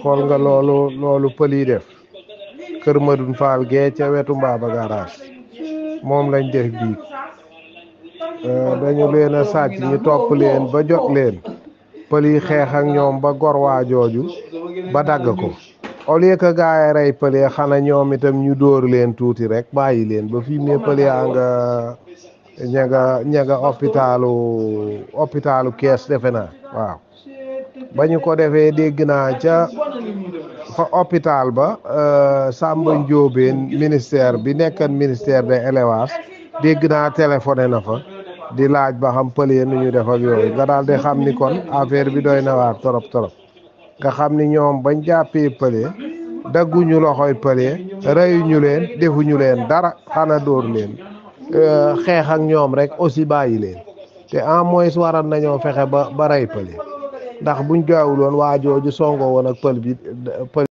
xool nga loolu loolu def kër Madoune Fall gee ca wetu Mbaba garage moom lañ def biig euh, dañu leen a sàcc ñu topp leen ba jot leen pël yi ñoom ba gor waa jooju ba dagg ko au lieu que gars yi rey pël xana ñoom itam ñu door leen tuuti rek bàyyi leen ba fii ne pël yaa nga ña nga kees defe naa waaw ba ñu ko defee dégg naa ca fa hôpital ba euh, Samba Ndiobène ministère bi nekkan ministère de l'élevage dégg naa téléphoné na fa di laaj ba xam pël yi nu ñu def ak yooyu nga daal xam ni kon affaire bi doy na waar torop torop nga xam ni ñoom bañ jàppee pël yi dagguñu loxoy pël reyuñu leen defuñu leen dara xana dóor leen euh, xeex ak ñoom rek aussi bàyyi leen te en moins waral nañoo fexe ba ba rey pël ndax buñ gaawuloon waa jooju songoo woon ak bi pël